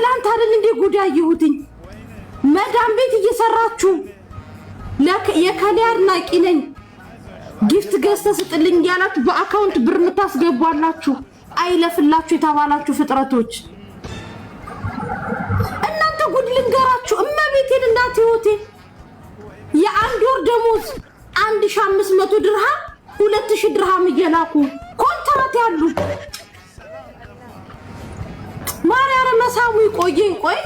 ትላንት አይደል እንዴ ጉዳ ይሁትኝ መዳም ቤት እየሰራችሁ የከሌ አድናቂ ነኝ ጊፍት ገዝተ ስጥልኝ እያላችሁ በአካውንት ብር የምታስገቧላችሁ አይለፍላችሁ የተባላችሁ ፍጥረቶች እናንተ ጉድ ልንገራችሁ። እመቤቴን እናት ህይወቴ የአንድ ወር ደሞዝ አንድ ሺ አምስት መቶ ድርሃም ሁለት ሺ ድርሃም እየላኩ ኮንትራት ያሉ ማርያ ሳሙ ይቆየኝ። ቆይ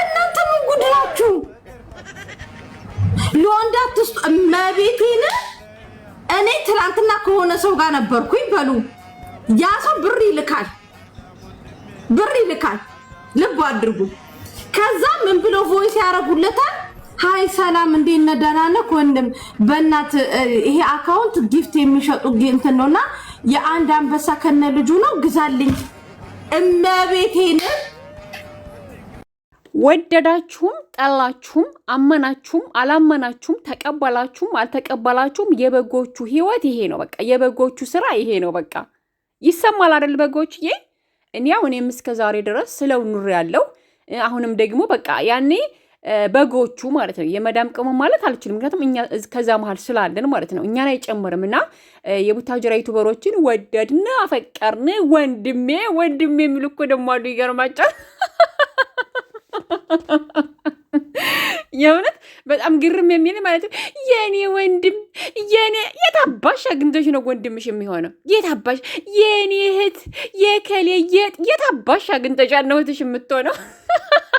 እናንተ ምን ጉድ ናችሁ? ለወንዳት ውስጥ መቤቴን እኔ ትናንትና ከሆነ ሰው ጋር ነበርኩኝ በሉ። ያ ሰው ብር ይልካል፣ ብር ይልካል። ልብ አድርጉ። ከዛ ምን ብሎ ቮይስ ያደርጉለታል። ሀይ ሰላም፣ እንዴት ነህ? ደህና ነህ? ወንድም በእናት ይሄ አካውንት ጊፍት የሚሸጡ እንትን ነው እና የአንድ አንበሳ ከነ ልጁ ነው ግዛልኝ እመቤቴንም ወደዳችሁም ጠላችሁም አመናችሁም አላመናችሁም ተቀበላችሁም አልተቀበላችሁም የበጎቹ ህይወት ይሄ ነው። በቃ የበጎቹ ስራ ይሄ ነው። በቃ ይሰማል አይደል? በጎችዬ እኔ አሁን እስከ ዛሬ ድረስ ስለው ኑር ያለው አሁንም ደግሞ በቃ ያኔ በጎቹ ማለት ነው። የመዳም ቅመም ማለት አልችልም፣ ምክንያቱም እኛ ከዛ መሀል ስላለን ማለት ነው። እኛን አይጨምርም። እና የቡታጅራ ዩቱበሮችን ወደድን አፈቀርን ወንድሜ ወንድሜ የሚሉ እኮ ደግሞ አሉ። የእውነት በጣም ግርም የሚል ማለት ነው። የኔ ወንድም የኔ የታባሽ አግኝቶሽ ነው ወንድምሽ የሚሆነው? የታባሽ የኔ እህት የከሌ የታባሽ አግኝተሻል ነው እህትሽ የምትሆነው?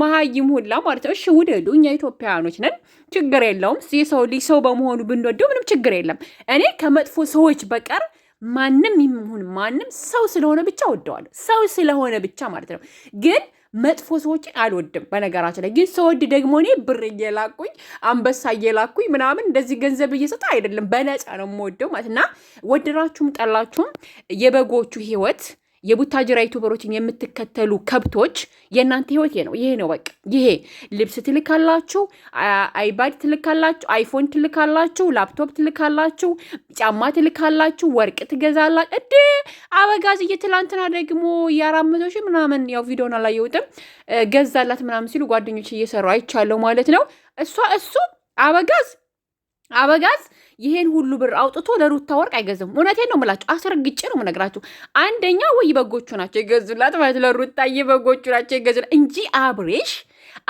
መሀይም ሁላ ማለት ነው። እሺ ውደዱ፣ እኛ ኢትዮጵያውያኖች ነን፣ ችግር የለውም። የሰው ልጅ ሰው በመሆኑ ብንወደው ምንም ችግር የለም። እኔ ከመጥፎ ሰዎች በቀር ማንም ይሁን ማንም ሰው ስለሆነ ብቻ ወደዋለሁ። ሰው ስለሆነ ብቻ ማለት ነው ግን መጥፎ ሰዎች አልወድም። በነገራችን ላይ ግን ሰወድ ደግሞ እኔ ብር እየላኩኝ አንበሳ እየላኩኝ ምናምን እንደዚህ ገንዘብ እየሰጠ አይደለም፣ በነፃ ነው የምወደው ማለት እና ወደራችሁም ጠላችሁም የበጎቹ ህይወት የቡታጅራ ዩቱበሮችን የምትከተሉ ከብቶች የእናንተ ህይወት ነው። ይሄ ነው በቃ። ይሄ ልብስ ትልካላችሁ፣ አይባድ ትልካላችሁ፣ አይፎን ትልካላችሁ፣ ላፕቶፕ ትልካላችሁ፣ ጫማ ትልካላችሁ፣ ወርቅ ትገዛላችሁ። እድ አበጋዝ እየትላንትና ደግሞ የአራት መቶ ሺህ ምናምን ያው ቪዲዮን አላየሁትም ገዛላት ምናምን ሲሉ ጓደኞች እየሰሩ አይቻለሁ ማለት ነው። እሷ እሱ አበጋዝ አበጋዝ ይሄን ሁሉ ብር አውጥቶ ለሩታ ወርቅ አይገዝም። እውነቴን ነው የምላችሁ፣ አስረግጬ ነው የምነግራችሁ። አንደኛ ወይ በጎቹ ናቸው ይገዙላት ማለት ለሩታ የበጎቹ ናቸው የገዙላት እንጂ አብሬሽ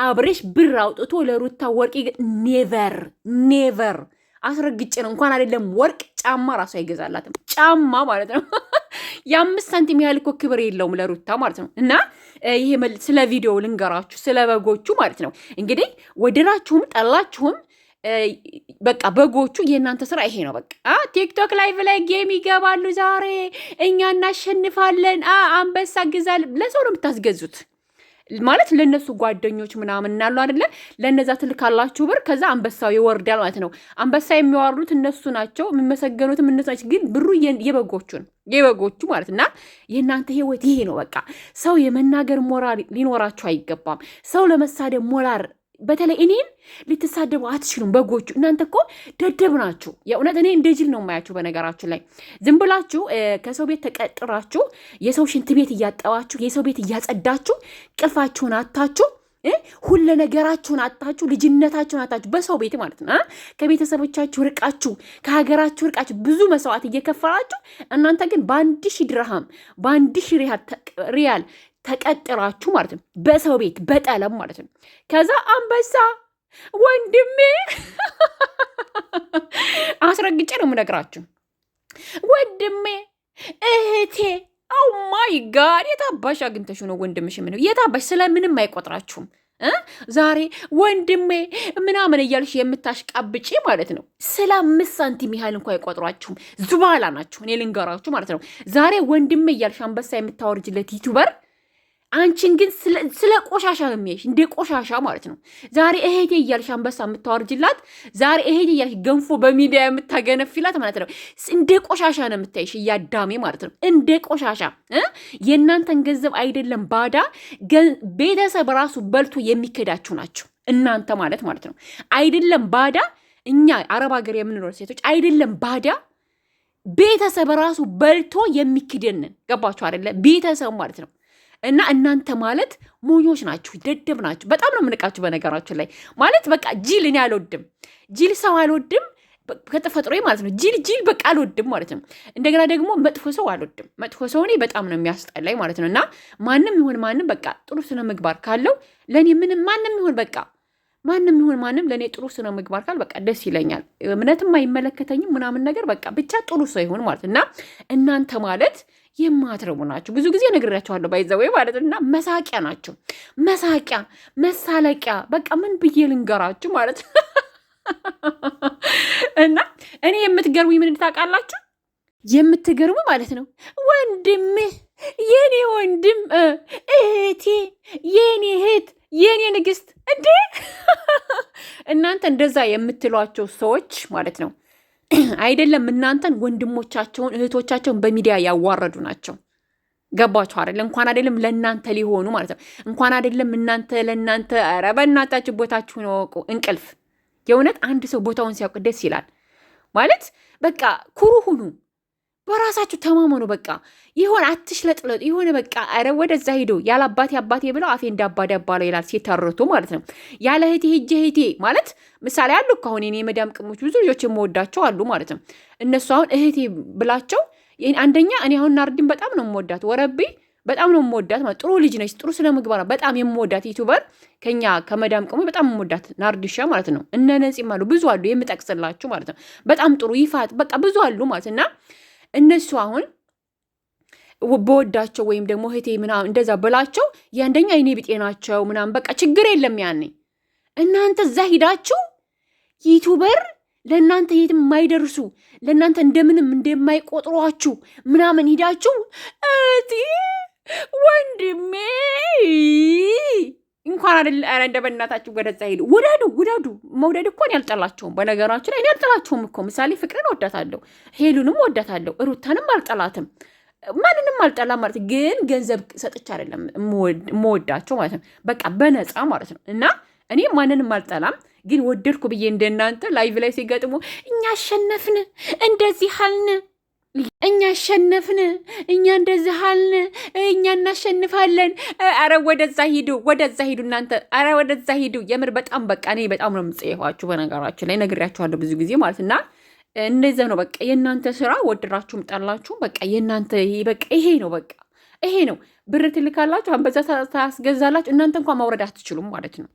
አብሬሽ ብር አውጥቶ ለሩታ ወርቅ ኔቨር ኔቨር አስረግጬ ነው። እንኳን አይደለም ወርቅ ጫማ ራሱ አይገዛላትም። ጫማ ማለት ነው። የአምስት ሳንቲም ያህል እኮ ክብር የለውም ለሩታ ማለት ነው። እና ይሄ ስለ ቪዲዮ ልንገራችሁ፣ ስለ በጎቹ ማለት ነው። እንግዲህ ወደዳችሁም ጠላችሁም በቃ በጎቹ የእናንተ ስራ ይሄ ነው። በቃ ቲክቶክ ላይቭ ላይ ጌም ይገባሉ። ዛሬ እኛ እናሸንፋለን፣ አንበሳ ግዛል። ለሰው ነው የምታስገዙት ማለት ለእነሱ ጓደኞች ምናምን እናሉ አደለ? ለእነዛ ትልካላችሁ ብር፣ ከዛ አንበሳው ይወርዳል ማለት ነው። አንበሳ የሚዋርዱት እነሱ ናቸው፣ የሚመሰገኑትም እነሱ ናቸው። ግን ብሩ የበጎቹን የበጎቹ ማለት እና የእናንተ ህይወት ይሄ ነው። በቃ ሰው የመናገር ሞራል ሊኖራችሁ አይገባም። ሰው ለመሳደብ ሞራል በተለይ እኔን ልትሳደቡ አትችሉም። በጎቹ እናንተ እኮ ደደብ ናችሁ። የእውነት እኔ እንደ ጅል ነው የማያችሁ። በነገራችሁ ላይ ዝም ብላችሁ ከሰው ቤት ተቀጥራችሁ የሰው ሽንት ቤት እያጠባችሁ የሰው ቤት እያጸዳችሁ ቅልፋችሁን አታችሁ ሁለ ነገራችሁን አጣችሁ፣ ልጅነታችሁን አጣችሁ። በሰው ቤት ማለት ነው። ከቤተሰቦቻችሁ ርቃችሁ፣ ከሀገራችሁ ርቃችሁ ብዙ መስዋዕት እየከፈላችሁ እናንተ ግን በአንድ ሺ ድርሃም በአንድ ሺ ሪያል ተቀጥራችሁ ማለት ነው። በሰው ቤት በጠለም ማለት ነው። ከዛ አንበሳ ወንድሜ አስረግጬ ነው የምነግራችሁ። ወንድሜ እህቴ ኦ ማይ ጋድ የታባሽ አግኝተሽ ነው ወንድምሽ? ምን የታባሽ ስለምንም አይቆጥራችሁም። ዛሬ ወንድሜ ምናምን እያልሽ የምታሽቃብጪ ማለት ነው። ስለ አምስት ሳንቲም ያህል እንኳ አይቆጥሯችሁም። ዝባላ ናችሁ። እኔ ልንገራችሁ ማለት ነው። ዛሬ ወንድሜ እያልሽ አንበሳ የምታወርጅለት ዩቱበር አንቺን ግን ስለ ቆሻሻ የሚያይሽ፣ እንደ ቆሻሻ ማለት ነው። ዛሬ እሄቴ እያልሽ አንበሳ የምታወርጅላት፣ ዛሬ እሄቴ እያልሽ ገንፎ በሚዲያ የምታገነፊላት ማለት ነው። እንደ ቆሻሻ ነው የምታይሽ፣ እያዳሜ ማለት ነው። እንደ ቆሻሻ የእናንተን ገንዘብ አይደለም ባዳ ቤተሰብ ራሱ በልቶ የሚከዳችሁ ናቸው እናንተ ማለት ማለት ነው። አይደለም ባዳ እኛ አረብ ሀገር የምንኖር ሴቶች አይደለም ባዳ ቤተሰብ ራሱ በልቶ የሚክደንን ገባችሁ አይደለ? ቤተሰብ ማለት ነው። እና እናንተ ማለት ሞኞች ናችሁ፣ ደደብ ናችሁ። በጣም ነው የምንቃችሁ። በነገራችን ላይ ማለት በቃ ጅል እኔ አልወድም፣ ጅል ሰው አልወድም ከተፈጥሮ ማለት ነው። ጅል ጅል በቃ አልወድም ማለት ነው። እንደገና ደግሞ መጥፎ ሰው አልወድም። መጥፎ ሰው እኔ በጣም ነው የሚያስጠላኝ ማለት ነው። እና ማንም ይሁን ማንም በቃ ጥሩ ስነ ምግባር ካለው ለእኔ ምንም ማንም ይሁን በቃ ማንም ይሁን ማንም ለእኔ ጥሩ ስነ ምግባር ካል በቃ ደስ ይለኛል። እምነትም አይመለከተኝም ምናምን ነገር በቃ ብቻ ጥሩ ሰው ይሆን ማለት እና እናንተ ማለት የማትረቡ ናቸው። ብዙ ጊዜ ነግሬያቸዋለሁ። ባይዘወይ ማለት እና መሳቂያ ናቸው። መሳቂያ፣ መሳለቂያ በቃ ምን ብዬ ልንገራችሁ ማለት ነው። እና እኔ የምትገርሙ ምን ታውቃላችሁ? የምትገርሙ ማለት ነው ወንድምህ የኔ ወንድም እህቴ፣ የኔ እህት፣ የኔ ንግስት እንዴ! እናንተ እንደዛ የምትሏቸው ሰዎች ማለት ነው አይደለም እናንተን ወንድሞቻቸውን እህቶቻቸውን በሚዲያ ያዋረዱ ናቸው። ገባችሁ አይደል? እንኳን አይደለም ለእናንተ ሊሆኑ ማለት ነው። እንኳን አይደለም እናንተ ለእናንተ ኧረ በእናታችሁ ቦታችሁን ወቁ። እንቅልፍ የእውነት አንድ ሰው ቦታውን ሲያውቅ ደስ ይላል ማለት በቃ ኩሩ ሁኑ። በራሳችሁ ተማመኑ። በቃ ይሆን አትሽለጥለጡ። የሆነ በቃ ኧረ ወደዛ ሂዶ ያለ አባቴ አባቴ ብለው አፌ እንዳባዳ ባለው ይላል ሲታረቱ ማለት ነው። ያለ እህቴ ሂጄ እህቴ ማለት ምሳሌ አሉ እኮ አሁን የኔ መዳም ቅሞች ብዙ ልጆች የምወዳቸው አሉ ማለት ነው። እነሱ አሁን እህቴ ብላቸው አንደኛ እኔ አሁን ናርዲን በጣም ነው የምወዳት ወረቤ በጣም ነው የምወዳት ማለት ጥሩ ልጅ ነች። ጥሩ ስለ ምግባር በጣም የምወዳት ዩቱበር ከኛ ከመዳም ቅሞ በጣም የምወዳት ናርዲሻ ማለት ነው። እነ ነፂም አሉ ብዙ አሉ የምጠቅስላችሁ ማለት ነው። በጣም ጥሩ ይፋት በቃ ብዙ አሉ ማለት እና እነሱ አሁን በወዳቸው ወይም ደግሞ እህቴ ምናምን እንደዛ ብላቸው የአንደኛ አይኔ ብጤ ናቸው ምናምን በቃ ችግር የለም ያኔ እናንተ እዛ ሂዳችሁ ዩቱበር ለእናንተ የት የማይደርሱ ለእናንተ እንደምንም እንደማይቆጥሯችሁ ምናምን ሂዳችሁ እንኳን አይደል ኧረ እንደ በእናታችሁ ወደዛ ሄዱ። ውደዱ ውደዱ። መውደድ እኮ እኔ አልጠላቸውም። በነገራችሁ ላይ እኔ አልጠላቸውም እኮ ምሳሌ ፍቅርን ወዳታለሁ፣ ሄሉንም ወዳታለሁ፣ ሩታንም አልጠላትም። ማንንም አልጠላ ማለት ግን ገንዘብ ሰጥቼ አይደለም የምወዳቸው ማለት ነው። በቃ በነፃ ማለት ነው። እና እኔ ማንንም አልጠላም ግን ወደድኩ ብዬ እንደናንተ ላይቭ ላይ ሲገጥሙ እኛ አሸነፍን እንደዚህ አልን እኛ አሸነፍን፣ እኛ እንደዚህ አልን፣ እኛ እናሸንፋለን። አረ ወደዛ ሂዱ፣ ወደዛ ሂዱ እናንተ፣ አረ ወደዛ ሂዱ። የምር በጣም በቃ እኔ በጣም ነው የምጸየኋችሁ። በነገራችን ላይ ነግሬያችኋለሁ ብዙ ጊዜ ማለት እና እንደዚያ ነው በቃ የእናንተ ስራ ወድራችሁም ጠላችሁም በቃ የእናንተ በቃ ይሄ ነው በቃ ይሄ ነው። ብር ትልካላችሁ፣ አንበዛ ታስገዛላችሁ። እናንተ እንኳን ማውረድ አትችሉም ማለት ነው።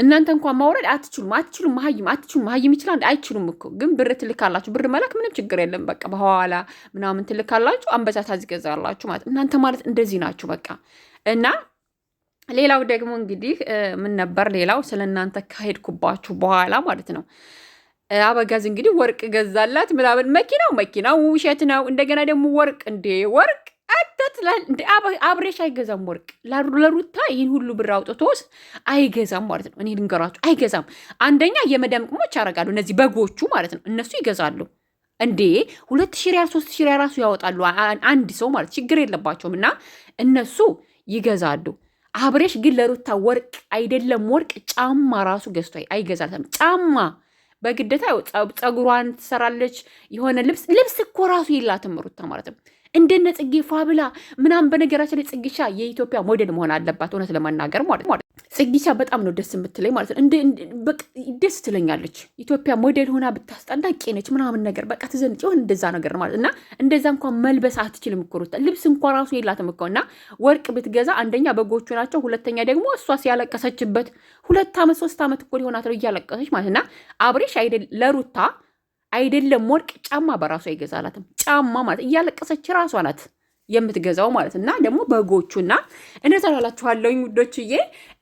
እናንተ እንኳን ማውረድ አትችሉም አትችሉም። መሀይም አትችሉም። መሀይም ይችላል አይችሉም እኮ ግን ብር ትልካላችሁ። ብር መላክ ምንም ችግር የለም። በቃ በኋላ ምናምን ትልካላችሁ። አንበሳ ታዝገዛላችሁ ማለት እናንተ ማለት እንደዚህ ናችሁ። በቃ እና ሌላው ደግሞ እንግዲህ ምን ነበር ሌላው ስለ እናንተ ካሄድኩባችሁ በኋላ ማለት ነው። አበጋዝ እንግዲህ ወርቅ ገዛላት ምናምን። መኪናው መኪናው ውሸት ነው። እንደገና ደግሞ ወርቅ እንዴ ወርቅ አብሬሽ አይገዛም ወርቅ ለሩታ ይህን ሁሉ ብር አውጥቶስ አይገዛም ማለት ነው። እኔ ልንገሯችሁ አይገዛም። አንደኛ የመዳም ቅሞች ያደርጋሉ እነዚህ በጎቹ ማለት ነው። እነሱ ይገዛሉ እንዴ ሁለት ሺ ሪያል ሶስት ሺ ሪያል ራሱ ያወጣሉ አንድ ሰው ማለት ችግር የለባቸውም። እና እነሱ ይገዛሉ። አብሬሽ ግን ለሩታ ወርቅ አይደለም ወርቅ ጫማ ራሱ ገዝቶ አይገዛትም። ጫማ በግደታ ፀጉሯን ትሰራለች። የሆነ ልብስ ልብስ እኮ ራሱ የላትም ሩታ ማለት ነው። እንደነ ጽጌ ፏ ብላ ምናምን። በነገራችን ላይ ጽጌሻ የኢትዮጵያ ሞዴል መሆን አለባት፣ እውነት ለመናገር ማለት ማለት ጽጌሻ በጣም ነው ደስ የምትለኝ ማለት ነው። ደስ ትለኛለች። ኢትዮጵያ ሞዴል ሆና ብታስጠላ ቄነች ምናምን ነገር በቃ ትዘንጭ ሆን እንደዛ ነገር ማለት እና እንደዛ እንኳን መልበስ አትችልም እኮ ልብስ እንኳን ራሱ የላትም እኮ እና ወርቅ ብትገዛ አንደኛ በጎቹ ናቸው፣ ሁለተኛ ደግሞ እሷ ሲያለቀሰችበት ሁለት ዓመት ሶስት ዓመት እኮ ሊሆናት ነው እያለቀሰች ማለት እና አብሬሽ አይደል ለሩታ አይደለም ወርቅ ጫማ በራሱ አይገዛላትም። ጫማ ማለት እያለቀሰች ራሷ ናት የምትገዛው ማለት እና ደግሞ በጎቹ በጎቹና እንደዛ ላላችኋለሁኝ ውዶችዬ።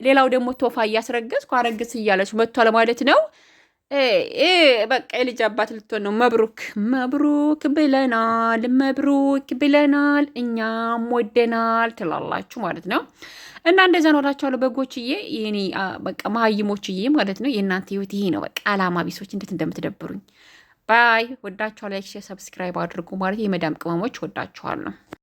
ሌላው ደግሞ ቶፋ እያስረገዝኩ አረግዝ እያለች መጥቷል ማለት ነው። በቃ የልጅ አባት ልትሆን ነው። መብሩክ መብሩክ ብለናል፣ መብሩክ ብለናል፣ እኛም ወደናል ትላላችሁ ማለት ነው። እና እንደዛ ነው እላችኋለሁ በጎችዬ፣ ይሄኔ በቃ መሀይሞችዬ ማለት ነው። የእናንተ ህይወት ይሄ ነው። በቃ አላማ ቢሶች እንዴት እንደምትደብሩኝ ባይ። ወዳችኋል። ላይክ፣ ሰብስክራይብ አድርጉ። ማለት የመዳም ቅመሞች ወዳችኋል ነው።